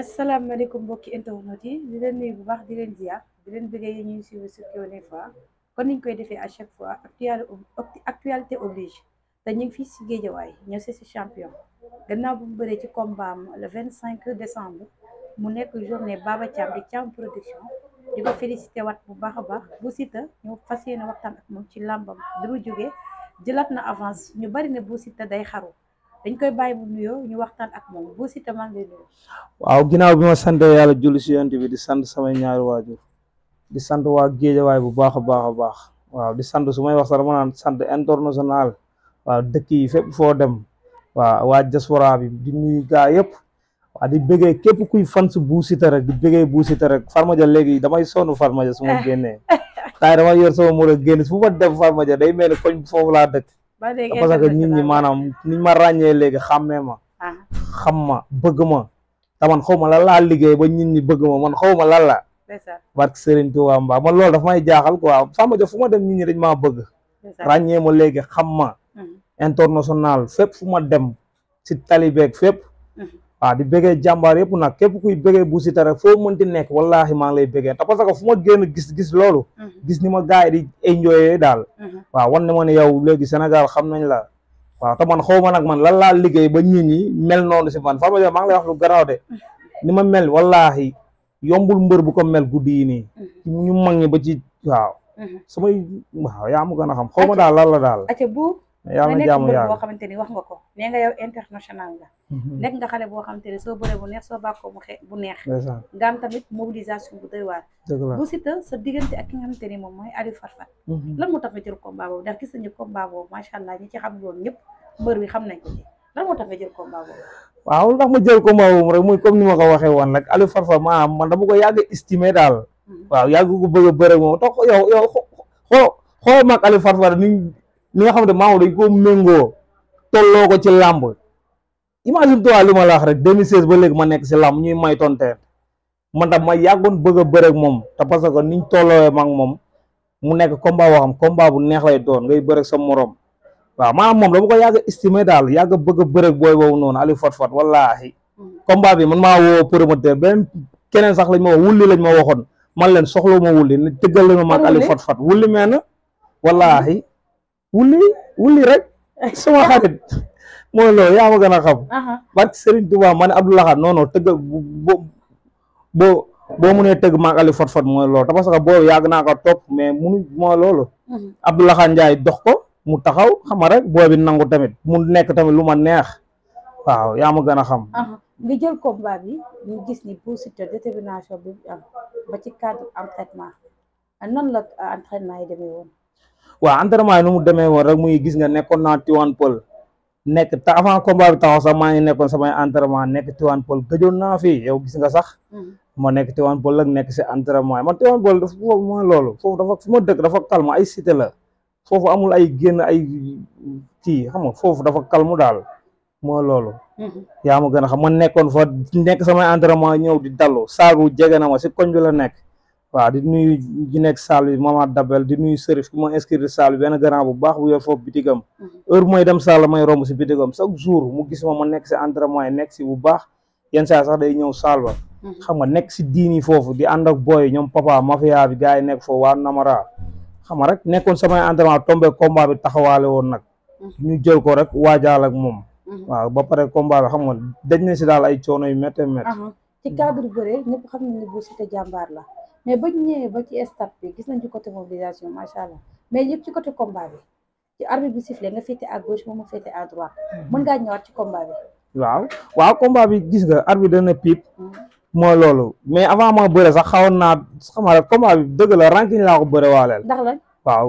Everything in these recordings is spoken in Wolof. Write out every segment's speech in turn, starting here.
asalaamaaleykum mbokki internet yi di leen nuyu bu baax di leen ziar di leen bëggee yi si suivre sur kon ni ñu koy defee à chaque fois actualité oblige te fi ngi si géejawaay ñoo si si champion gannaaw bu mu bëree ci combat am le vingt cinq décembre mu nekk journée Baba Thiam di Thiam production di ko wat bu baax a baax bu Siteu ñu fas yéene waxtaan ak moom ci làmbam bi mu jógee jëlaat na avance ñu bari ne bu Siteu day xaru dañ koy bàyyi bu nuyoo ñu waxtaan ak moom Bou maa ngi waaw ginaaw bi ma sant yàlla julli si yonent bi di sant samay ñaari waajur di sant waa géejawaay bu baax a baax a baax waaw di sant su may wax sax dama naan sant international waaw dëkk yi fépp foo dem waaw waa diaspora bi di nuyu gaa yëpp di bëggee képp kuy fan si Bou Siteu rek di bëggee Bou Siteu rek Farmaja léegi damay sonn Farmaja su ma génnee. taay damay yor sama mur a génn foofu laa ba léegi parce que nit ñi maanaam niñ ma ràññee léegi xàmmee ma. Ah. xam ma bëgg ma taman xaw ma lan laa liggéey ba nit ñi bëgg ma man xaw ma lan la. barke Serigne Touba Mbaa man loolu dafa may jaaxal quoi Samba Diop fu ma dem nit ñi dañ maa bëgg. ràññee ma léegi xam ma. Hmm. international fépp fu ma dem si talibeeg fépp. waaw di bëggee jàmbaar yëpp nag képp kuy bëggee bu si rek foo mën mënti nekk wallaahi maa ngi lay bëggee te parce que fu ma génn gis gis loolu mhm. gis ni ma gars yi di enjoyé daal mhm. waaw wan ne ma ne yow léegi Sénégal xam nañ la waaw te man xaw ma nag man lan laa liggéey ba nit ñi mel noonu si man Farba Diop maa yaa lu garaaw de mhm. ni ma mel wallaahi yombul mbër bu ko mel guddi yi nii ñu mag ñi ba ji waaw samay waaw yaa mu gën a xam xaw ma daal lan la daal yàlla na jàmm yàlla boo xamante ni wax nga ko nee nga yow international nga mm-hmm. nekk nga xale boo xamante ni soo bëree bu neex soo bàkkoo mu xe bu neex nga am tamit mobilisation bu doy waar bu Siteu sa diggante ak ki nga xamante ni moom mooy mm-hmm. moo tax nga jël combat boobu ndax allah ñi ci xam loolu ñëpp mbër xam nañ ko ci moo tax nga jël combat boobu waaw ndax ma jël combat boobu rek comme ni ma ko waxee woon rek Aliou Farfat maanaam man dama ko yàgg estimé daal mm-hmm. waaw yàgg ko bëgg a moom tax xoo xoo mag Aliou Farfat ni mi nga xamante maamu dañ koo méngoo tolloo ko ci làmb imagine toi li ma la rek 2016 ba léegi ma nekk si lamb ñuy may tonteer man tam ma yàggoon bëgg a bëre moom te parce que niñ tolloowee ma ak moom mu nekk combat boo xam bu neex lay doon ngay bëre ak sa morom waaw maa moom dama ko yàgg a estimé daal yàgg a bëgg a bëre ak booy boobu noonu Aliou Fat Fat wallaahi combat bi man maa woo promoteur beneen keneen sax lañ ma wax wulli lañ ma waxoon man leen soxla ma wulli ne tëggal lañ ma maag Aliou Fat Fat wulli wulli rek sama xarit mooy loolu yaa ma gën a xam barke Serigne Touba ma ne Abdou Lahad non non tëgg bo boo boo mënee tëgg maag Ali Fot Fot mooy loolu te que boobu yàgg naa ko topp mais munu mooy loolu mhm. Abdou Lahad dox ko mu taxaw xama rek boo bi nangu tamit mu nekk tamit lu ma neex waaw yaa ma gën a xam nga jël combat bi ñu gis ni Bou Siteu détermination bi am ba ci cadre a nan la entraînement yi demee woon waaw entraînement yi nu mu demee woon rek muy gis nga nekkoon naa Tivaouane Peulh nekk te avant combat bi taxaw sax maa ngi nekkoon samay entraînement nekk Tivaouane Peulh gëjoon naa fi yow gis nga sax hmm. ma nekk Tivaouane Peulh ak nekk si entraînement yi man Tivaouane loolu foofu dafa fu ma dafa calme ay cité la foofu amul ay génn ay kii xam foofu dafa calme daal moo loolu hmm. yaa ma gën a xam ma nekkoon fa nekk samay entraînement ñëw di dallu saagu jege na ma si koñ la nekk waaw di nuy ji nekk salle bi Mamat Dabel di nuyu Serif ki moo inscrire salle bi benn grand bu baax bu yor foofu bitigam mhm. heure mooy dem salle may romb si mu gis ma nekk si entraînement yi nekk si bu baax yenn saa sax day ñëw salle ba mhm. xam nga nekk si diini foofu di ànd ak booy ñoom papa mafia bi gars yi nekk foofu waa Namara xam nga rek nekkoon samay entraînement tombé combat bi taxawaale woon nag mhm. ñu jël ko rek waajaal ak moom waa ba pare combat xam nga dañ na si daal ay coono yu métte métte ci cadre bëre ñëpp xam nañ ne la mais ba ñëwee ba ci stade bi gis nañ ci côté mobilisation macha allah mais yëpp ci côté combat bi ci arbitre bi sifflé nga féete à gauche moom mu féete à droite mhm. mën ngaa ñëwaat bi. waaw waaw combat bi gis nga arbitre dana piip. Mhm. loolu mais avant ma bëre sax xawoon naa xam nga combat bi dëgg la ranking laa ko bëre waaleel. ndax la waaw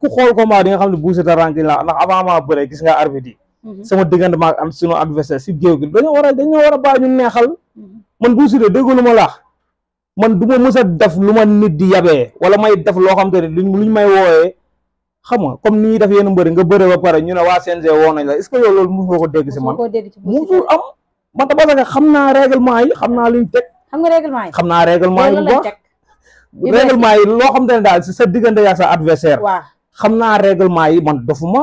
ku xool combat di nga xam ne buuse ta ranking laa ndax avant ma bëre gis nga arbitre yi. Mhm. sama diggante ma am sunu adversaire si géew gi dañoo war a dañoo war a bàyyi ñu neexal. man buuse de déggu lu ma laax. man du ma mës a def lu ma nit di yabee wala may def loo xam te ne luñ luñ may wooyee xam nga comme ni ñuy def yenn mbëri nga bëre ba pare ñu ne waa CNG woo nañ la est ce que yow loolu mosoo ko dégg si man musul am man ta parce que xam naa règlement yi xam naa luñ teg xam nga règlement yi xam naa règlement yi bu baax règlement yi loo xam te ne daal si sa diggante yaa sa adversaire xam naa règlement yi man dofuma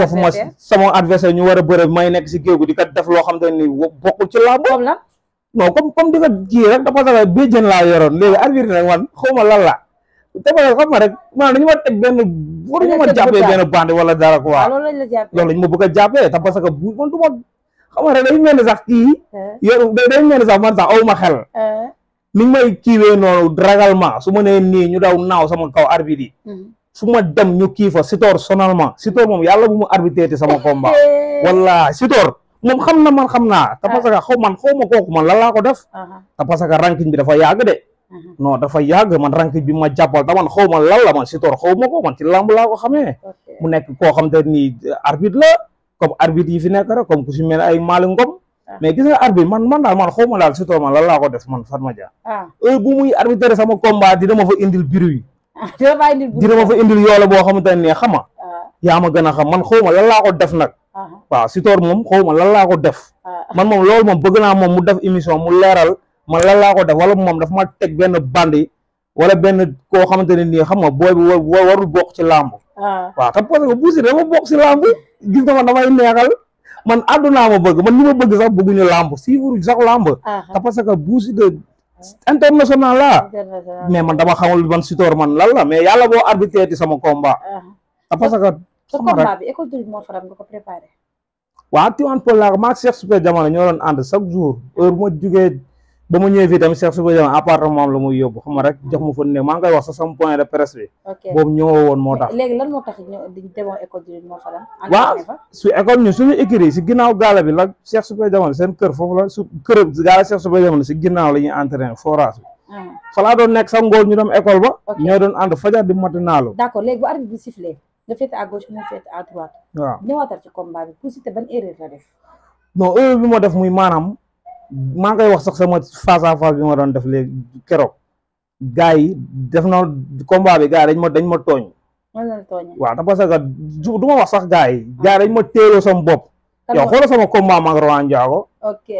dofuma sama adversaire ñu war a bëre may nekk si géew di kat def loo xam te ni bokkul ci làmb non comme comme di nga ji rek dafa sax béjjën laa yoroon léegi arbitre nag man xaw ma lan la te ma xam ma rek maanaam dañu ma teg benn waruñu ma jàppee benn bande wala dara quoi ah, loolu lañ ma bëgg a jàppee te parce que bu man du ma xam nga rek dañu mel ni sax kii eh. yor dañu mel ni sax man sax aw ma xel eh. ni ñu may kiiwee noonu dragalment su ma nee nii ñu daw naaw sama kaw arbitre yi hmm. su ma dem ñu kii fa Sitor sonalement Sitor moom yàlla bu mu arbitré sama combat eh. wala Sitor moom xam na man xam naa ah. te parce que man xaw ma kooku man lan laa ko def ah. te parce que bi dafa yàgg de ah. non dafa yàgg man ranking bi ma jàppal da man xaw ma lan la man si toor xaw ma ko man ci làmb laa ko xamee mu xam ni la comme arbitre yi fi nekk rek comme ku si mel ay Malick man ma daal si toor man lan laa ko def man Fatma Dia heure bu muy arbitre sama combat dina ma fa indil bruit boo xamante ne xama yaa ma gën a xam man xaw ma lan laa ko def nag Uh-huh. waaw Sitor moom xaw ma lan laa ko def uh-huh. man moom loolu moom bëgg naa moom mu def émission mu leeral man lan laa ko def wala moom dafa ma teg benn bandi wala benn koo xamante ne nii xam nga booy bi warul bokk ci làmb uh-huh. waaw te parce da Bou Siteu dafa bokk ci làmb gis nga man damay neexal man àddunaa ma bëgg man ni ma bëgg sax bëgguñu làmb siiwuruñ sax làmb te parce que Bou Siteu international la mais man dama xamul man Sitor man lan la mais yàlla boo arbitré sama komba te parce sa combat bi école de lutte moo faram nga ko préparé. laa ko maag Cheikh Super ñoo doon ànd chaque jour heure bu ma jugee ba ma ñëwee fii tamit Cheikh Super Jamono appartement am la muy yóbbu xam nga rek jox ma fa ne maa ngi koy wax sa sama point de presse bi. ok woon moo tax. léegi lan moo tax ñëw di demoo su école ñu suñu si ginnaaw gaala bi la Cheikh Super Jamono seen kër foofu la su kër gaala Cheikh Super Jamono si ginnaaw la ñuy entraîné forage bi. Ah. fa laa doon nekk sax ngoon ñu dem école ba. ñoo doon ànd fajar di matinaalu. d'accord nga féete à waa mu féete à droite. waaw ñëwaatal ci combat bi pour Siteu ban erreur la def. non erreur bi def muy maanaam maa ngi koy wax sax sama face à bi ma doon def léegi keroog gars yi def na combat bi gaa dañ ma dañ ma tooñ. waaw parce que du ma wax sax gars yi ah. gars dañ ma téeloo sama bopp yow xoolal sama combat maag Rowan Ndiago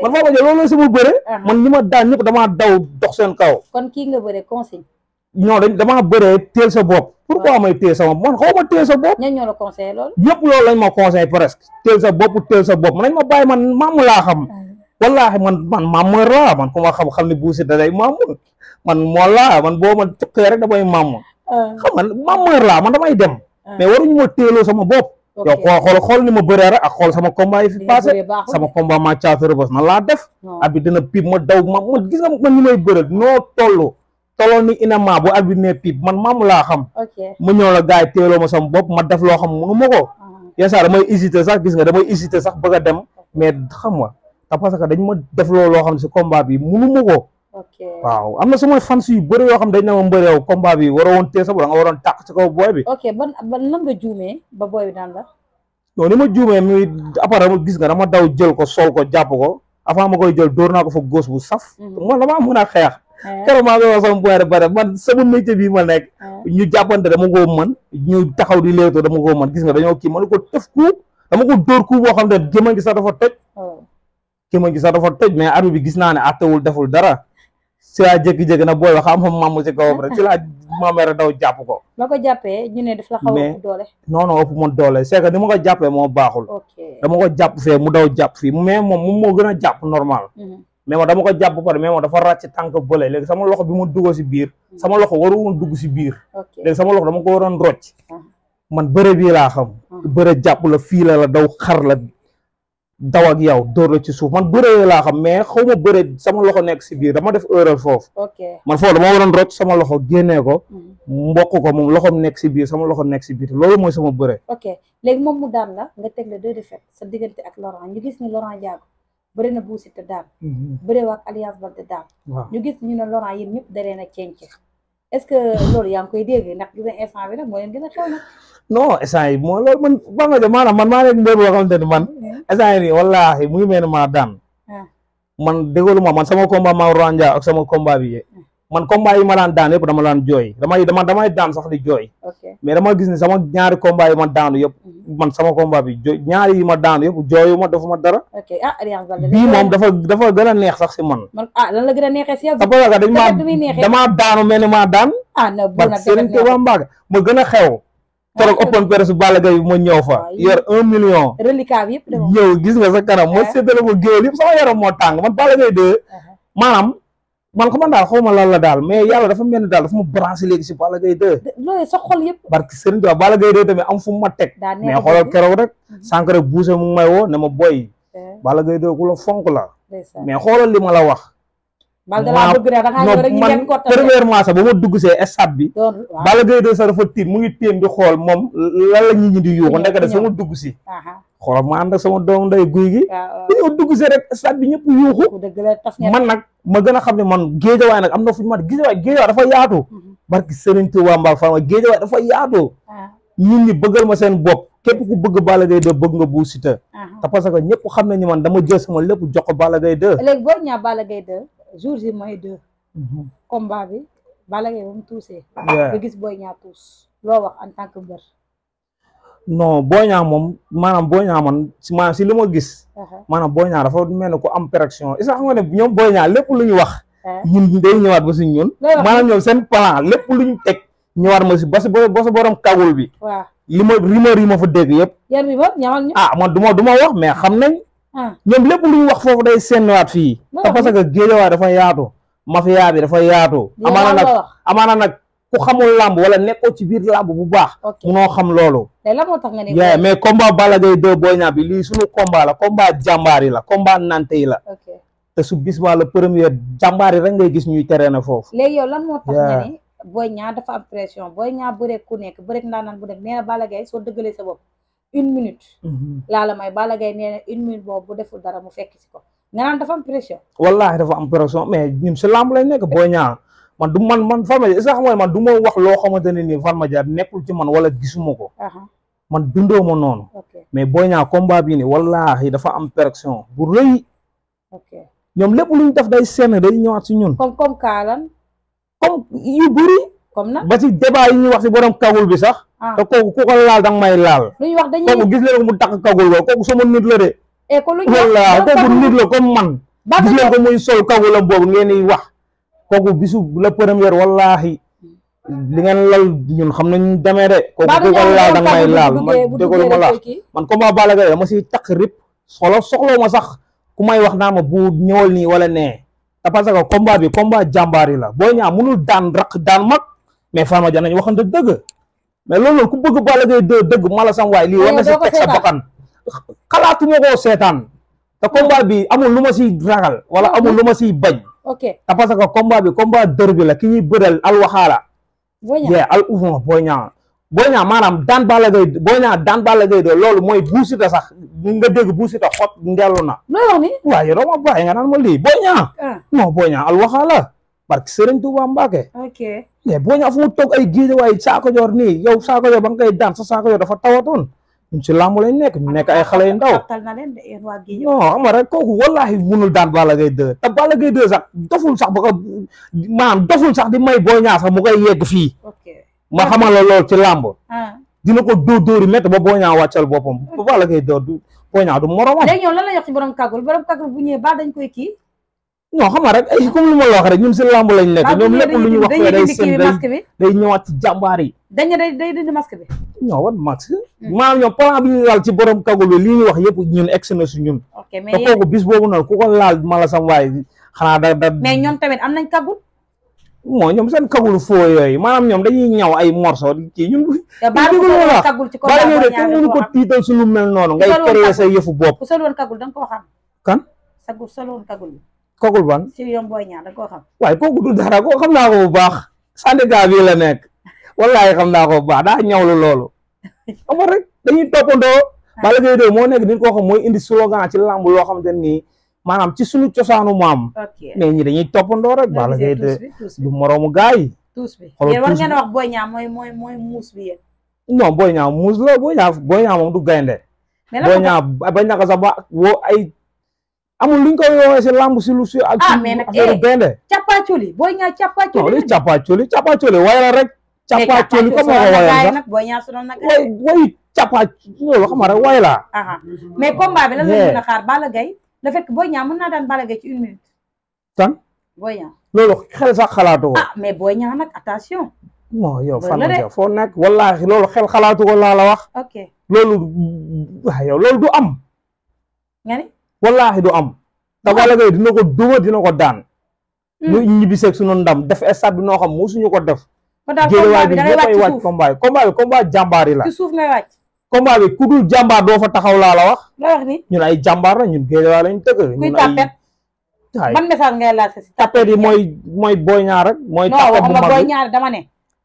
man faa ma jël loolu sama bëre ah. man ñi ma daan ñëpp damaa daw dox seen kaw kon kii nga bëre conseil non dañ damaa bëre teel sa bopp pourquoi may téye sama man xaw ma téye sa bopp. ñan ñoo loolu. ñëpp ma conseillé presque téye sa bopp téye sa bopp nañ ma bàyyi man maamu laa xam. wallaahi man man maam mooy raa man ku xam xam ne buusi da day maamul man moo laa man boo ma tukkee rek damay maamu. xam nga maam mooy raa man damay dem. mais waruñu ma téeloo sama bopp. yow xool xool xool ni ma bëree rek ak xool sama combat yi fi passé sama combat maa caatu rëbës na laa def. ab bi dina pib ma daw ma ma gis nga man ñu may bëre toloon ni inama bu arbitre ne pipe man maamu laa xam mu ñëw la gars yi teeloo ma sama bopp ma def loo xam mënu ma ko ah. yenn saa damay gis nga damay hésité sax bëgg a dem mais xam nga parce que dañ ma def loo loo xam ne si combat bi mënu ma ko waaw am na samay fans yu bëri yoo xam dañ ne ma mbëri yow combat bi waroo woon tee sa bo da nga waroon tàq ci kaw booy bi ok ban nan nga juumee ba booy bi daan la non ni ma juumee mi après ma gis nga dama daw jël ko sol ko jàpp ko avant ma koy jël dóor naa ko fa góos bu saf man mm. damaa mën a xeex carrément ah. loolu sama boire bare man sama métier bii ma nekk ah. ñu jàppante dama ko mën ñu taxaw di léewtoo dama ko mën gis nga dañoo kii man ko tëf ku dama ko dóor ku boo xam ne gémmañ gi sax dafa toj gémmañ ah. gi sax dafa toj mais arbitre bi gis naa ne attewul deful dara si laa jékki-jékki nag booy wax am xam mamu si kawam rek si laa mamera daw jàpp ko ma ko jàppee ñu ne daf la xaw ëpp doole non non ëpp ma doole c'est que ni ma ko jàppee moo baaxul dama ko jàpp fee mu daw jàpp fii mais moom moom moo gën a jàpp normal mm-hmm. mais ma dama ko jàpp pare mais ma dafa ràcc tànk bële léegi sama loxo bi ma duggoo si biir sama loxo waru woon dugg si biir sama loxo dama ko waroon rocc uh-huh. man bëre bii laa xam uh-huh. bëre jàpp la fii la la daw xar la daw ak yow dóor la ci suuf man bëre laa xam mais xaw ma bëre sama loxo nekk si biir dama def erreur foofu man foofu dama waroon rocc sama loxo génnee ko uh-huh. mboq ko moom loxom nekk si biir sama loxo nekk si biir loolu mooy sama bëre ok léegi moom mu daan la nga teg la deux défaites sa diggante ak Laurent ñu gis ni Laurent Ndiago bëri na buusite daal mhm. bëri waak alliance balde daal ñu gis ñu na Laurent yéen ñëpp da leen a cenc est que loolu yaa ngi koy dégg ndax gis nga instant bi nag moo leen gën a xew nag moo loolu man ba nga jo man maa nekk mbër boo xamante man mhm. instant yi nii wallaahi muy mel ne maa daan ah. man déggolu ma man sama combat maa Laurent ak sama combat bi man combat yi ma daan daan yëpp dama daan jooy damay dama damay daan sax di jooy mais dama gis ne sama ñaari combat yi ma daanu yëpp mhm. man sama combat bi jooy ñaari yi ma daanu yëpp jooyu ma ah, dafa ma dara bii dafa dafa gën a neex si man parce que dañ maa damaa daanu mel ni maa daan parce ah, que Serigne ma gën a xew torog open press Balla Gaye ma ñëw fa yor un million reliquat yëpp yow gis nga sa kanam ma eh. séddale ma géwél yëpp sama yaram moo tàng man Balla Gaye de eh. maanaam man ko man daal xaw ma lan la daal mais yàlla dafa mel daal dafa ma branché léegi si Balla Gaye 2. loolee sa xol yëpp. barki Serigne Touba Balla Gaye 2 tamit am fu ma teg. mais xoolal keroog rek. Mhm. sànq eh. ku la fonk la. mais xoolal li ma la wax. bal de la bëgg da ngaa premièrement sax ba ma dugg see stade bi. Balla Gaye 2 sax dafa tiit mu ngi tiim di xool moom lan la ñuy ñi di yuuxu ndekete sama dugg si. xoolal ma ànd ak sama doom nday guy gi. dañoo dugg si rek stade bi ñëpp yuuxu. man nag ma gën a xam ne man géejawaay nag am na fu ñu ma géejawaay géejawaay dafa yaatu. Mhm. barki Serigne Touba Mbacke Fall géejawaay dafa yaatu. ñun ah. ñi bëggal ma seen bopp képp ku bëgg bala Gaye 2 bëgg nga Bou Siteu. Ah. te parce que ñëpp xam nañu man dama jël sama lépp jox ko Balla Gaye 2. léegi boo ñaa Balla Gaye 2 jours yi mooy 2. Mhm. combat bi Balla Gaye ba mu tuusee. nga gis booy ñaa tuus loo wax en tant non Boy Niang moom maanaam Boy Niang maanaam si li ma gis. Uh-huh. maanaam Boy Niang dafa mel ni ku am perfection est-ce que xam nga ne ñoom Boy Niang lépp lu ñu wax. Uh-huh. ñun day seen plan lépp lu ñu teg ñëwaat ma si ba si ba sa borom kawul bi. waaw li ma ma fa dégg yëpp. yar bi ba ñamal ñu. ah man du ma ah. lépp lu ñu wax foofu day sénnuwaat fii. te parce que géejawaay dafa yaatu. mafia bi dafa yaatu. amaana nag. ku xamul làmb wala nekkoo ci biir làmb bu baax. munoo xam loolu. tey la moo tax nga ne. mais combat Balla Gaye 2 Boy Niang bi lii suñu combat la combat jàmbaar yi la combat nante la. te su bis ba la première jàmbaar yi rek ngay gis ñuy teree na foofu. léegi yow lan moo tax nga am pression Boy Niang bëreeg ku nekk bëreeg ndaanaan bu dem na Balla Gaye soo dëggalee sa bopp une minute. Mm-hmm. laa la may Balla Gaye nee une minute boobu bu deful dara mu fekk si ko nga naan dafa am pression. wallaahi dafa am mais ñun si làmb lay nekk Boy Niang man du man man Fatma Diagne est-ce man du ma wax loo xamante ne nii Fatma Diagne nekkul ci man wala gisuma ko. man dundoo ma noonu. mais Boy Niang combat bii nii wallaahi dafa am pression bu rëy. ñoom lépp lu ñu def day seen day ñëwaat si ñun. comme comme Kaalan. comme yu bëri. comme na ba ci débat yi wax si borom kagul bi sax. Ah. te kooku ku ko laal dang may laal. lu ñuy wax dañuy kooku gis leen ko mu takk kagul ba kooku sama nit la de. et eh, que lu ñu wax kooku nit la comme man. gis leen ko muy sol kagulam boobu ngeen di wax. kooku bisu la première wallaahi li ngeen lal ñun xam na demee de kooku ku ko laal danga may laal man déggoo ma laal man combat Balla solo ma sax ku may wax naa ma bu ñëwal nii wala nee te parce que combat bi combat jàmbaar yi la boo ñaa mënul daan raq daan mag mais Farma Dia nañ waxante dëgg mais loolu ku bëgg Balla Gaye dëgg mala sam waay lii war na si teg sa bakkan xalaatu seetaan te combat bi amul lu ma si ragal wala amul lu ma si bañ ok te parce que combat bi combat dër bi la ki ñuy al waxaala. boo ñaax yeah al boo ñaax. boo ñaax maanaam daan Balla Gaye boo ñaax daan Balla Gaye de loolu mooy buusita sax nga dégg buusita xot ndellu na. loolu wax ni waaye yow ma bàyyi nga naan ma lii boo ñaax. Ah. non boo ñaax al waxaala. barke Serigne Touba Mbacke. ok mais boo ñaax fu mu toog ay géej waay saako joor nii yow saako joor ba nga koy daan sa saako joor dafa tawatoon. ñun si làmb lañ nekk ñu nekk ay xale yu ndaw non xam nga rek kooku wallaahi munul daan Balla Gaye 2 te Balla Gaye 2 sax doful sax ba ko maanaam sax di may Boy Niang sax mu koy yegg fii ma xamal la lool ci làmb ah. dina ko dóor dóori métti ba Boy Niang boppam ba Balla Gaye dóor du Boy Niang du moromam léegi yow lan la yox ci kii non xam nga rek ay comme lu la si làmb lañ nekk ñoom lépp lu ñu wax day seen day ñëwaat ci jàmbaar yi dañ ne day day dindi masque bi. non wan masque. Hmm. maanaam ñoom plan bi ñu laal ci borom kagul li ñuy wax yëpp ñun egg na si ñun. ok mais te kooku bis boobu noonu ku ko laal ma la sam waaye xanaa da da. mais ñoom tamit am nañ kagul. moo ñoom seen kagul foo yooyu maanaam ñoom dañuy ñaw ay morceau ci ñun. te baalu ko doon kagul ci ko baalu ko doon ñaari ko tiital si lu mel noonu. ngay créer sa yëfu bopp. ku soloon kagul da nga koo xam. kan. sagul soloon kagul. kagul ban. si yoon booy ñaar da nga koo xam. waaye kooku du dara koo xam naa ko bu baax. syndicat bi la nekk wallaay xam naa ko bu baax daa ñawlu loolu xam nga rek dañuy toppandoo ah. Balla Gaye 2 moo nek nit koo xam mooy indi slogan ci làmb loo xamante nii maanaam ci suñu cosaanu maam mais ñi dañuy toppandoo rek Balla Gaye 2 du yi tuus bi mais mooy mooy mooy muus bi yéen non Boy du gaynde Boy Niang bañ na ko sax ba luñ ko woowee si làmb si lu si ah, ak ah mais nag eh, gaynde cappaacoli Boy Niang cappaacoli non li cappaacoli cappaacoli rek càppaa cooli comme ma ko wayal sax booy ñaa sonal nag way rek way laa mais combat bi la a fekk booy ñaa mën naa daan Balla Gaye ci une minute tan loolu xel sax xalaatu ko ah mais booy ñaa nag attention non yow fan nga foo nekk wallaahi loolu xel xalaatu ko laa la wax ok loolu yow loolu du am nga ni wallaahi du am te Balla Gaye dina ko duma dina ko daan ñu hmm. ñibbi seeg suñu ndam def stade noo xam musuñu ko def kon daal combat bi da ngay wàcc suuf wàcc yi la. ci suuf ngay wàcc. combat bi ku dul jàmbaar doo fa taxaw laa la wax. la ni ñun ay jàmbaar la ñun géejawaay lañ dëkk. ñun ay kuy ban message ngay laajte si. tapet yi mooy mooy Boy rek. mooy tapet bu mag bi Boy Niang dama ne.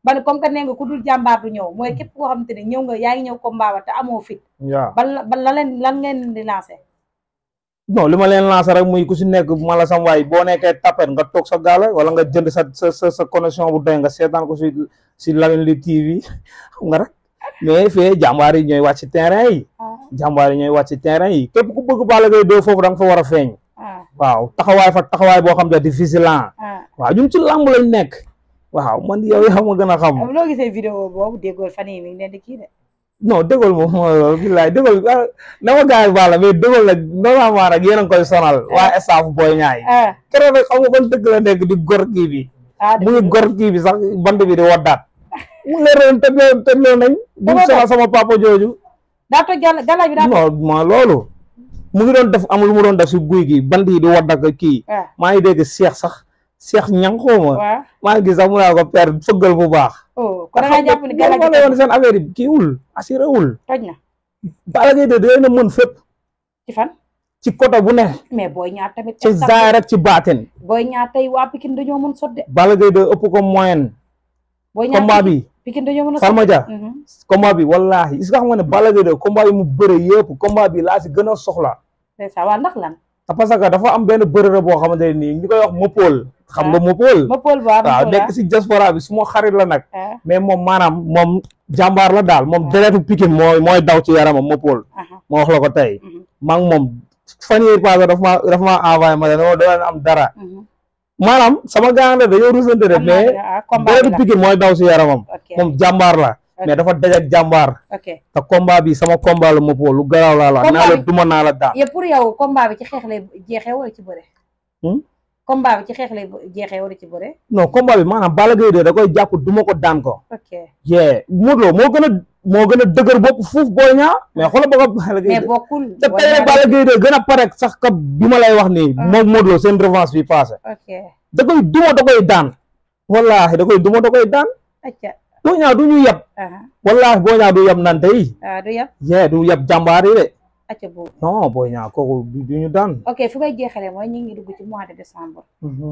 ban comme que nee nga ku dul jàmbaar bu ñëw mooy képp koo xamante ne ñëw nga yaa ngi ñëw combat ba te amoo fit. waaw ban ban la leen lan ngeen di lancé. non li ma leen lancer rek muy ku si nekk ma la sam waay boo nekkee tapet nga toog sa gaala wala nga jënd sa sa sa connexion bu dee nga seetaan ko si si Lamyn Lutte TV xam nga mais fee jàmbaar yi ñooy wàcc ci terrain yi ah. jàmbaar yi ñooy wàcc ci terrain yi képp ku bëgg baale Gaye doo foofu da nga fa war a feeñ ah. waaw taxawaay fa taxawaay boo xam ne di vigilant ah. waaw ñun ci làmb lañ nekk waaw man yow yaa ma gën a xam. loo gisee vidéo boobu déggoo fan yii mi ngi leen di kii de. no dëggal moom mooy loolu billaay dëggal ah, na ma gars yi baal la mais dëggal la normalement a ngi koy sonal waa ah. staff booy ñaay ah. keroog rek xam nga ban dëgg la di gor kii bi mu ngi gor kii bi sax band bi di waddaat mu leer leen tëj leen tëj leen nañ di sonal sama papa jooju daa toj loolu mu ngi doon def am lu mu doon def si guy gi band yi di waddak kii maa ngi dégg seex sax seex ñang xooma maa ngi gis sax mu naa ko père fëggal bu baax oh kon da ngaa jàpp ni gàllankoor seen affaire yi kii wul assuré wul. toj na. Balla Gaye de day na mën fépp. ci fan. ci côté bu ne. mais Boy Niang tamit. ci zaahir ak ci baatin. Boy Niang tey waa Pikine dañoo mën sot de. Balla Gaye de ëpp ko moyenne. Boy Niang combat bi Pikine dañoo mën a. Salma Dia. Mhm. combat bi wallaahi is nga xam nga ne Balla Gaye de combat yi mu bëre yëpp combat bi laa si gën a soxla. c'est Ah, parce que dafa am benn bërërë boo xamante ne nii ñu koy wax Mopol. xam nga ah. Mopol. Mopol waaw ah, nekk si diaspora bi su ma xarit la nag. mais moom maanaam moom jàmbaar la daal moom deretu Pikine mooy mooy daw ci yaramam Mopol. ma wax la ko tey. Mm-hmm. maa moom fan yii passé dafa maa dafa maa envoyé ma ne dana am dara. Mm-hmm. maanaam sama gàncax dañoo rusante de mais. deretu Pikine mooy daw si yaramam. moom jàmbaar la. mais dafa dajak jàmbaar. ok te combat bi sama combat la Mopo lu garaaw laa la. naa la duma naa la daa. pour yow combat bi ci xeex lay jeexee wala ci bëre. Hmm? combat bi ci xeex lay jeexee wala ci bëre. non combat bi maanaam Balla Gaye de da koy jàpp duma ko daan ko. ok moo gën a moo a dëgër bopp fuuf Boy Niang mais xoolal ba ko Balla Gaye de. gën a pare sax ka bi ma lay wax nii. moom Modou Lo seen revanche bi passé. da koy duma da koy daan. wallaahi da koy duma da koy daan. Boña du ñu yab. wallaahi Boña du yab nante yi. ah du yab. yee du yab jàmbaar de. acca boobu non Boña du ñu daan. ok fu may jeexalee mooy ñu ngi dugg ci mois de décembre.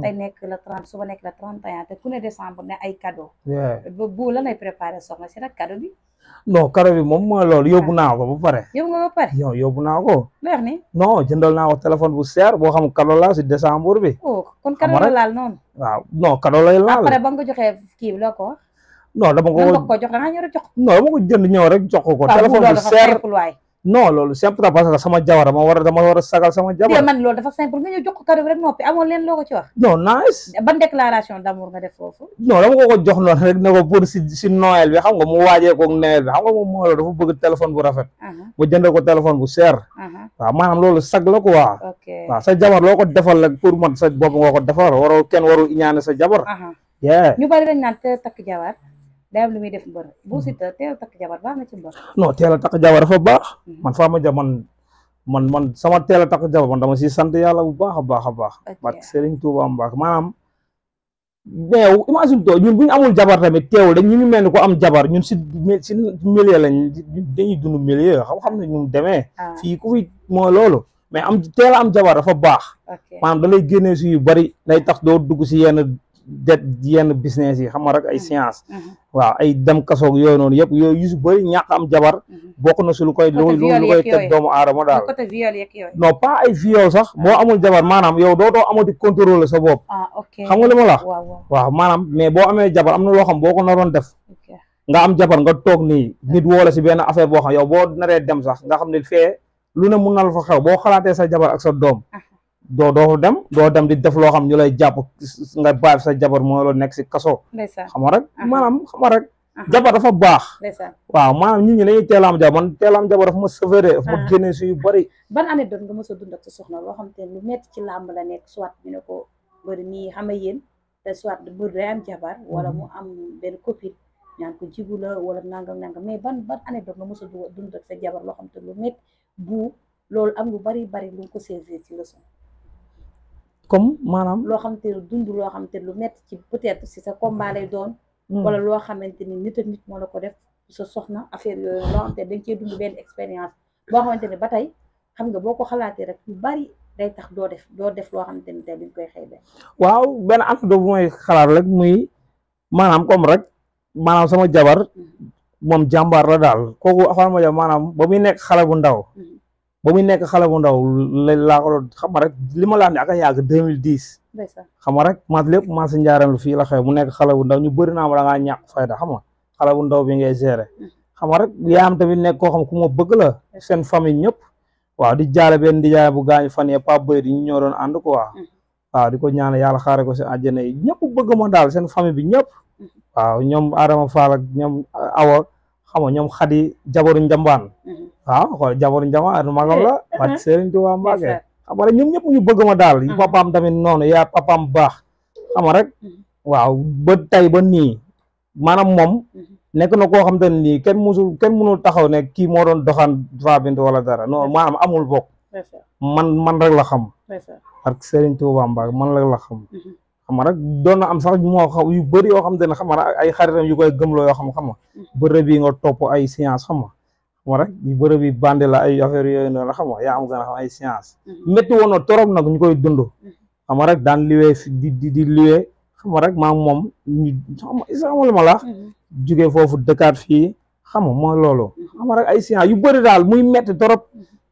tey nekk le trente suba nekk le trente et un te ne ay cadeau. bu bu la lay préparé soxna si nag cadeau bi. non cadeau bi moom mooy lool yóbbu naa ko bu pare. yóbbu nga ba pare. non yóbbu naa ko. leer ni non jëndal naa ko bu seer boo xam cadeau la si décembre bi. oh kon cadeau la laal noonu. waaw non cadeau la ko non dama ko ko jox da nga ñëw rek jox non dama ko jënd ñëw rek jox ko téléphone bu seer non loolu simple la parce que sama jabar dama war a dama war a sagal sama jabar man loolu dafa simple nga ñëw jox ko cadeau rek noppi amoon leen loo ko ci wax non nice ban déclaration d'amour nga def foofu non dama ko ko jox noonu rek ne ko pour si si Noël bi xam nga mu waajee ko Noël bi xam nga moom moo loolu dafa bëgg téléphone bu rafet mu jënd ko téléphone bu seer waaw maanaam loolu sag la quoi waaw sa jabar loo ko defal rek pour man sa bopp nga ko defal waroo kenn waru iñaane sa jabar ñu bari dañ naan takk jabar day am lu muy def mbër bu mhm. teel a takk jabar baax na ci mbër. a takk jabar baax. Mhm. man faa ma ja man man man sama teel a takk jabar man dama si sant yàlla bu baax a baax a baax. barke Serigne Touba Mbacke maanaam. mais imagine toi bu ñu amul jabar tamit teewul dañ ñu ngi mel ni ko am jabar ñun si si milieu lañ dañuy dund milieu xam-xam ne ñu demee. Ah. fii ku fi moo loolu. mais am teel a am jabar dafa baax. maanaam da lay génnee si yu bari day tax doo dugg si yenn. det yenn business yi xam nga rek ay mm-hmm. science mm-hmm. waaw ay dem kasoog yooyu noonu yëpp yooyu yu bëri ñàkk am jabar mm-hmm. bokk na su lu koy lu lu koy teg doomu aadama daal non pas ay viol sax ah. boo amul jabar maanaam yow doo doo amati contrôle sa bopp ah, xam nga li ma la waaw maanaam mais boo amee jabar am na loo xam boo ko naroon def nga am jabar nga toog nii ah. nit woola si benn affaire boo xam yow boo naree dem sax nga xam ne fee lu ne mun na la fa xew boo xalaatee sa jabar ak sa doom doo doo dem doo dem di def loo xam ñu lay jàpp nga baal sa jabar moo la nekk si kaso. xam nga rek maanaam xam nga rek. jabar dafa baax. waaw maanaam ñi ñi dañuy teel am jabar man teel am jabar dafa ma sévéré. dafa ma génne si yu bëri. ban année doon nga mos a dund sa soxna loo xam te lu métti ci làmb la nekk soit ñu ne ko bëri nii xam nga yéen te soit bëri day wala mu mhm. am benn copine ñaan ko jigu la wala nangam nangam mais ban ban année doon nga mos a sa jabar loo xam te lu métti bu loolu am lu bari bari lu ko sévéré ci leçon comme maanaam. loo xam xamante ne dund loo xamante ne lu metti ci peut-être si sa combat lay doon. Mm. wala loo xamante ni nit ak nit moo la ko def sa soxna affaire yooyu loo xamante ne cee dund benn expérience boo xamante ne ba tey xam nga boo ko xalaatee rek lu bari day tax doo def doo def loo xamante ni teen duñ koy xëy waaw benn antidote bu may xalaat rek muy maanaam comme rek maanaam sama jabar mm. moom jàmbaar la daal kooku axoon ma maanaam ba muy nekk xale bu ndaw mm. ba muy nekk xale bu ndaw laa ko doon rek li ma laa ne ak a yàgg deux mille dix xam rek maat lépp maa si lu fii la mu nekk xale bu ndaw ñu bëri naa ma da ngaa ñàkk fayda xam nga xale bu ndaw bi ngay gérer mm-hmm. xam rek yaam tamit nekk koo xam ku ma bëgg la seen famille ñëpp waaw di jaale ben di jaale bu gaañu fan yee pa bëy di ñu ñoo doon ànd quoi mm-hmm. waaw di ko ñaan yàlla xaare ko seen àjjana yi ñëpp bëgg ma daal seen famille bi ñëpp mm-hmm. waaw ñoom Adama Fall ak ñoom Awa nga ñoom Xadi jabaru njambaan waaw ah, xool jabaru njama magamla wat sëriñ Tuubaa Mbàkke xam nga rek ñoom ñu bëgg ma daal yi uh-huh. papaam tamit noonu yaa papaam baax xam nga rek uh-huh. waaw ba tey ba nii maanaam moom uh-huh. nekk na koo xam te ne nii kenn musul kenn mënul taxaw ne kii moo doon doxaan Faa Bintu wala dara noonu maanaam amul bokk man man rek la xam ak Sëriñ Tuubaa Mbàkke man rek la xam xam nga rek doon na am sax moo xam yu bëri yoo xam te ne xam nga ay xaritam yu koy gëmloo yoo xam xam nga bërëb yi nga topp ay science xam xam rek bërëb yi bande la ay affaire yooyu noonu xam yaa am gën ay science métti mm-hmm. woon na torop nag ñu koy dund mm-hmm. xam rek daan liwee di di di liwee xam rek maa moom ñu xamal ma la mm-hmm. jugee foofu dëkkaat fii xam nga mooy loolu xam rek ay science yu bëri daal muy metti torop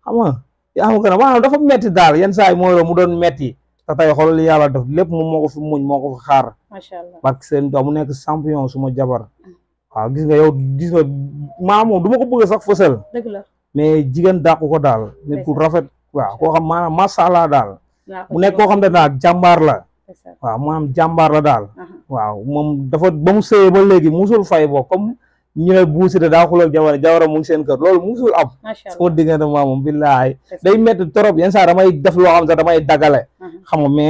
xam nga yaa am gën a maanaam dafa metti daal yenn saa yi mu doon metti te tey xool li yàlla def lépp moom moo ko fi muñ moo ko fi xaar parce que seen doom mu nekk champion suma jabar waaw ah, gis nga yow gis nga maa moom du ma ko bëgg sax fësal. dëgg la mais jigéen dàqu ko daal. nit ku rafet waaw koo xam maanaam macha allah daal. mu nekk koo xam ne daal jàmbaar la. waaw maanaam jàmbaar la daal. waaw moom dafa ba mu sëyee ba léegi musul fay boo comme ñu ne buusite daa xuloo jawara jawara mu ngi seen kër loolu musul am. macha allah sama diggante maa moom billaay day métti trop yenn saa damay def loo xam sax damay dagale. xam nga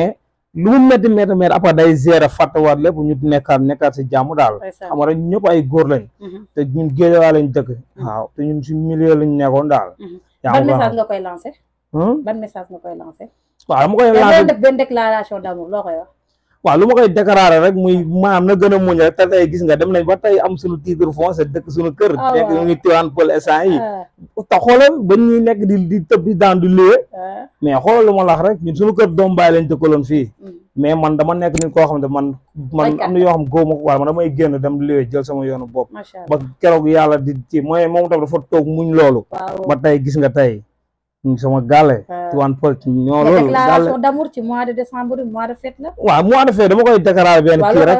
lu mu métti métti métti après day gérer fàttewaat lépp ñu nekkaat nekkaat si jàmm daal xam nga ñëpp ay góor lañ mhm. te ñun géejewaa lañ dëkk mhm. waaw te ñun si milieu lañ nekkoon daal mhm. hmm? ban message nga koy lancé waaw dama koy lancé def benn déclaration d'amour loo koy waaw lu ma koy déclaré rek muy maanaam na gën a muñ rek te tey gis nga dem nañ ba tey am suñu titre foncier dëkk suñu kër ah nekk ñu ngi tiwaan pël essan yi ah. te ba ñuy nekk di di tëb di daan du lée ah. mais xoolal lu ma lax rek ñun suñu kër doom bàyyi lañ dëkkaloon fii hmm. mais man dama nekk nit koo xam ne man man am na yoo xam góob ma ko wala damay génn dem léegi jël sama yoonu bopp ba keroog yàlla di ci mooy moom tam dafa toog muñ loolu ba tey gis nga tey sama gàlle Tivaouane Peulh ci ñoo loolu déclaration d'amour ci mois de décembre mois de fête la waaw mois de fête dama koy déclarer benn kii rek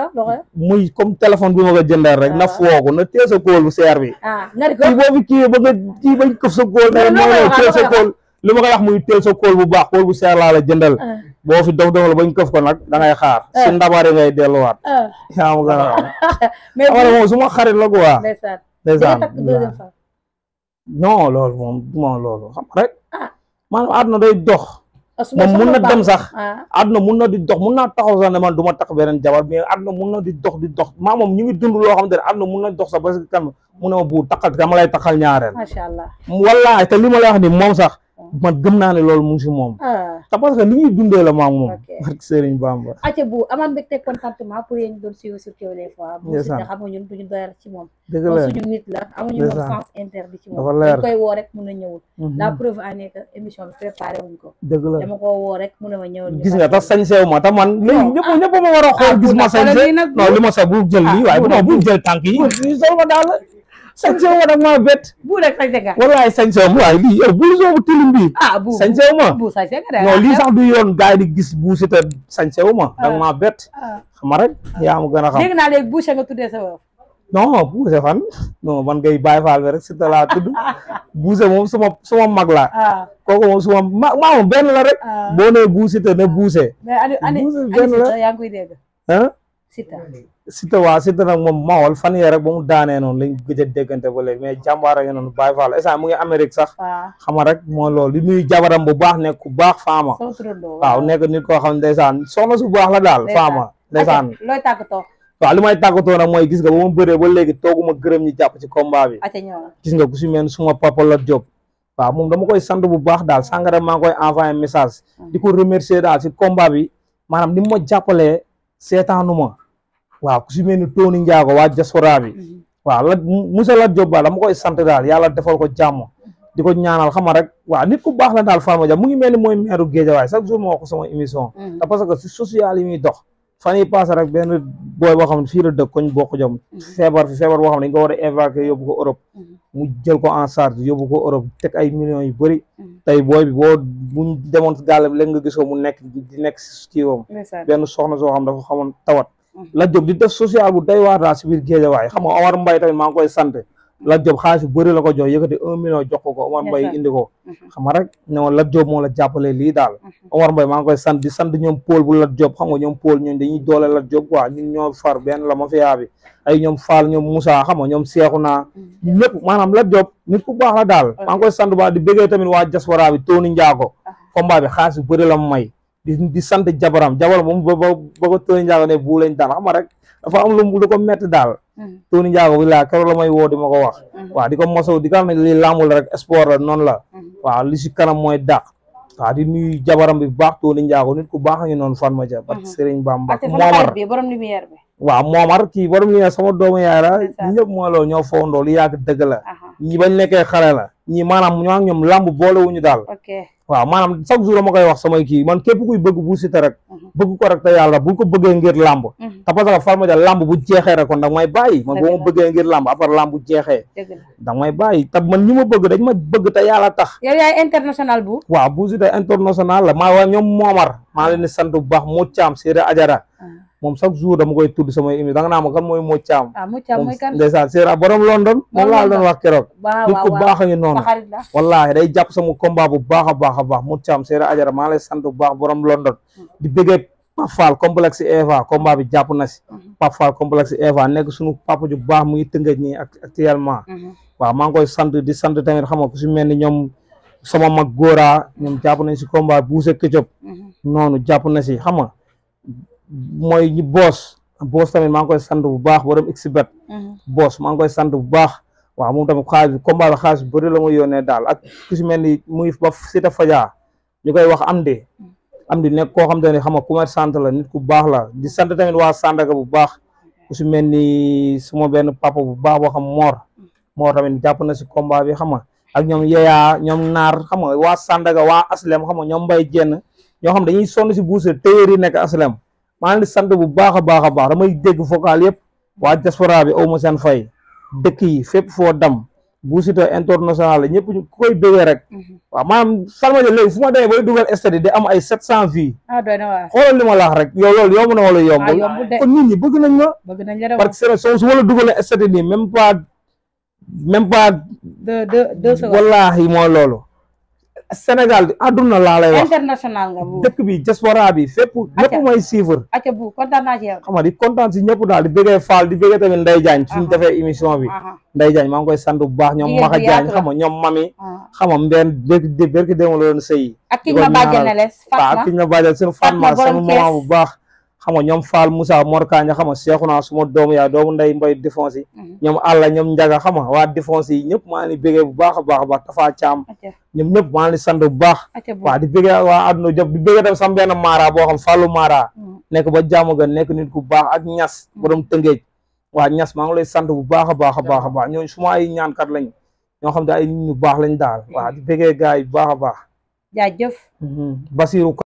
muy comme téléphone bi ma ko jëndal rek na ah. foo ko na tee sa kóol bu seer bi ah, kii boobu kii ba nga kii bañ këf sa kóol ne non non tee sa kóol li ma koy wax muy teel sa kóol bu baax kóol bu seer laa la jëndal ah. boo fi dof dof la bañ këf ko nag da ngay xaar si ndabari ngay delluwaat yaa ma gën a mais moom su ma xarit la quoi ndeysaan ndeysaan non loolu moom du ma loolu xam rek maanaam àdduna day dox ah, moom mun na dem sax ah. àdduna mun na di dox mun naa taxaw sax ne man du ma tax beneen jabar mais àdduna mun na di dox di dox maa moom ñu ngi dund loo xam te ne àdduna mun na dox sax parce que kan mu ne ma bu taxal dama lay taxal ñaareel macha allah wallaahi te li ma lay wax ni moom sax man gëm naa ne loolu mu ngi si moom. Ah. te parce que li ñuy dundee la maam moom. ok barke Serigne Bamba. acca bu amaat mbégte contentement pour yéen ñu doon suivre sur Kewel Info. dëgg la xam nga ñun duñu doyal ci moom. dëgg la suñu nit la amuñu moom sens ci moom. dafa leer koy woo a mhm. la a ma a ah, sa bu jël lii waaye ah, bu ma bu jël tànk yi. ñu ma daal sañse ma nag maa bett. bu rek sañse nga. wallaay sañse ma waaye lii yow bu soo bu tilim bi. ah non lii sax du yoon gars yi di gis Bou Siteu sañse ma. Ah. danga maa bett. Ah. xam rek yaa ma gën a xam. dégg naa léegi Boucher nga tuddee sa bopp. non Boucher fan non man ngay bàyyi faal bi rek Siteu laa tudd. Boucher moom suma suma mag la. Ah. kooku moom suma ma maa moom benn la rek. boo la mais ani ani Siteu yaa ngi koy dégg. ah Siteu. Siteu waa Siteu nag moom Mawal fan yee rek ba mu daanee noonu lañ gëj a déggante ba léegi mais jàmbaar nga noonu Baye Fall instant mu ngi Amérique sax. xam nga rek moo loolu li nuyu jabaram bu baax nekk ku baax faama. waaw nekk nit koo xam ne ndeysaan soxna su baax la daal. faama ndeysaan looy tàggatoo. waaw li may tàggatoo nag mooy gis nga ba ma bëree ba léegi tooguma gërëm ñi jàpp ci combat bi. gis nga ku si mel suma papa la Diop. waaw moom dama koy sant bu baax daal sàngara maa koy envoyé message. Mm. di ko remercier daal si combat bi maanaam ni ma jàppalee seetaanuma waaw ku si mel ni Tony Njaago waa diaspora bi mm-hmm. waaw la monsieur Lat Diop Ba dama koy sant daal yàlla defal ko jàmm di ko ñaanal xama rek waa nit ku baax la daal Farba Dia mu ngi mel ni mooy maire Guédiawaye chaque jour ma wax ko sama émission mm-hmm. te parce que si social yi muy dox fan yi passé rek benn booy boo xam ne fii la dëkk koñ bokk jom mm-hmm. feebar fi feebar boo xam ne dañ ko war a évacuer yóbbu ko Europe mu jël ko en charge yóbbu ko Europe teg ay millions yu bëri tey booy bi boo buñ demoon si gaal bi nga gis mu nekk di nekk si kiiwam benn soxna soo xam dafa xamoon tawat Lat Diop di def social bu day waar si biir Géejawaay xam nga Omar mbay tamit maa ngi koy sant Lat Diop xaalis bu bëri la ko jox yëkkati un million jox ko Omar Mbaye indi ko mm-hmm. xam nga rek ñoom la Diop moo la jàppale lii daal mm-hmm. Omar Mbaye maa ngi koy sant di sant ñoom Paul bu la Diop xam nga ñoom Paul ñoom dañuy doole Lat Diop quoi ñun ñoo far benn la mafia bi ay ñoom Fall ñoom Moussa xam nga ñoom Seexu naa ñu ñëpp maanaam Lat Diop ku baax la daal mm-hmm. maa ngi koy sant ba di bëggee tamit waa diaspora bi Tony Ndiago ah. combat bi xaalis bu bëri la may di di sant jabaram jabaram moom ba ba ba ko Tony Ndiago ne bu lañ daan xam nga rek a am lu lu ko metti daal hmm. Tony Ndiago bi laa la may woo di ko wax hmm. waaw di ko mosaw di ko xam ne rek sport la noonu la hmm. waaw li si kanam mooy dàq waaw di nuyu jabaram bi baax Tony Ndiago nit ku baax a ngi noonu fan ma ja parce que Serigne Bamba Momar waaw Momar kii borom li sama doomu yaay la ñëpp mooy loolu ñoo fowndoo lu yàgg dëgg la ñi bañ nekkee xale la ñi maanaam ñoo ak ñoom làmb boolewuñu waaw maanaam chaque jour moo koy wax samay kii man képp kuy bëgg bu Siteu rek mhm. bëgg ko rek te yàlla bu ko bëggee ngir làmb mhm. te parce que Far Media làmb bu jeexee rek kon danga may bàyyi man boo ma bëggee ngir làmb après làmb bu jeexee danga may bàyyi ta man ñi ma bëgg dañ ma bëgg te yàlla tax yow international bu waaw bu Siteu international la maa waa ñoom Momar maa leen di sant bu baax mu caam Séré Ajara ah. moom chaque jour dama koy tudd sama émission da nga naa ma kan mooy Mo Thiam. ah Mo Thiam mooy kan ndeysaan Seera borom London. moom laa wax keroog. waaw ku baax a ngi noonu. wallaahi day jàpp sama combat bu baax a baax a baax Mo Thiam Seera Ajara maa lay sant bu baax borom London. Hmm. di bëggee Pape Fall complexe Eva combat bi jàpp na si. Hmm. Pape Fall complexe Eva nekk suñu papa ju baax mu ngi tënkee nii actuellement. Hmm. waaw maa ngi koy sant di sant tamit xam nga ku si mel ni ñoom sama mag góoraa ñoom jàpp nañ si combat buuse Ketchup. noonu jàpp na si xam nga mooy ñi boos boos tamit maa ngi koy sant bu baax borom exibet mhm. boos maa sant bu baax waaw moom tamit xaalis bi combat bi xaalis bi bëri la ma yónnee daal ak ku si mel ni muy ba Sita Fadia ñu koy wax am di mhm. am di nekk koo xam te ne xam nga commerçant la nit ku baax la di sant tamit waa Sandaga bu baax ku si mel ni suma benn papa bu baax boo xam Mor Mor tamit jàpp na si combat bi xam nga ak ñoom yeyaa ñoom naar xam nga waa Sandaga waa aslem xam nga ñoom mbay jenn ñoo xam dañuy sonn si buuse téyeer yi nekk aslem maa ngi sant bu baax a baax a baax damay dégg vocal yëpp waa diaspora bi aw ma seen fay dëkk yi fépp foo dam Bou Siteu international la ñëpp ñu koy bëggee rek mhm. waaw maanaam Salmadia léegi fu ma dee bay dugal stade di am ay sept cent vi ah, xoolal li ma laax rek yow loolu yomb na wala yombul ah, kon nit ñi bëgg nañ ma parce que soo su ma la dugalee stade nii même pas même pas wallaahi mooy loolu Sénégal àdduna laa lay wax. international nga bu dëkk bi diaspora bi fépp. ñëpp mooy suivre. acca bu kontaan naa ci yow. xam di kontaan si ñëpp daal di bëggee Fall di bëggee tamit Ndeye Diagne. suñu defee émission bi. Ndeye Diagne maa ngi koy sant bu baax ñoom Maka Diagne xam nga ñoom Mami. xam nga Mbène béykat yi béykat yi demul woon sëy. ak ki ñu ma bàjjalee Fatma waaw ma bàjjalee seen Fatma bu baax. xam nga ñoom Fall Moussa Mor Kanja xam nga Seexuna suma doomu yaay doomu nday mbay défense yi mm. ñoom àlla ñoom njaga xam nga waa défense yi ñëpp maa ngi bu baax a baax a baax dafa caam ñoom ñëpp maa ngi leen bu baax waa di bégee waa mm. ba jàmm ga nekk nit ku mm. waa ñas maa ngi lay sant bu baax a baax a baax a baax ñooñu suma ay ñaankat lañ ñoo xam te ay nit ñu baax lañ daal waa di bégee gars bu baax a baax jaajëf mm-hmm. Basiru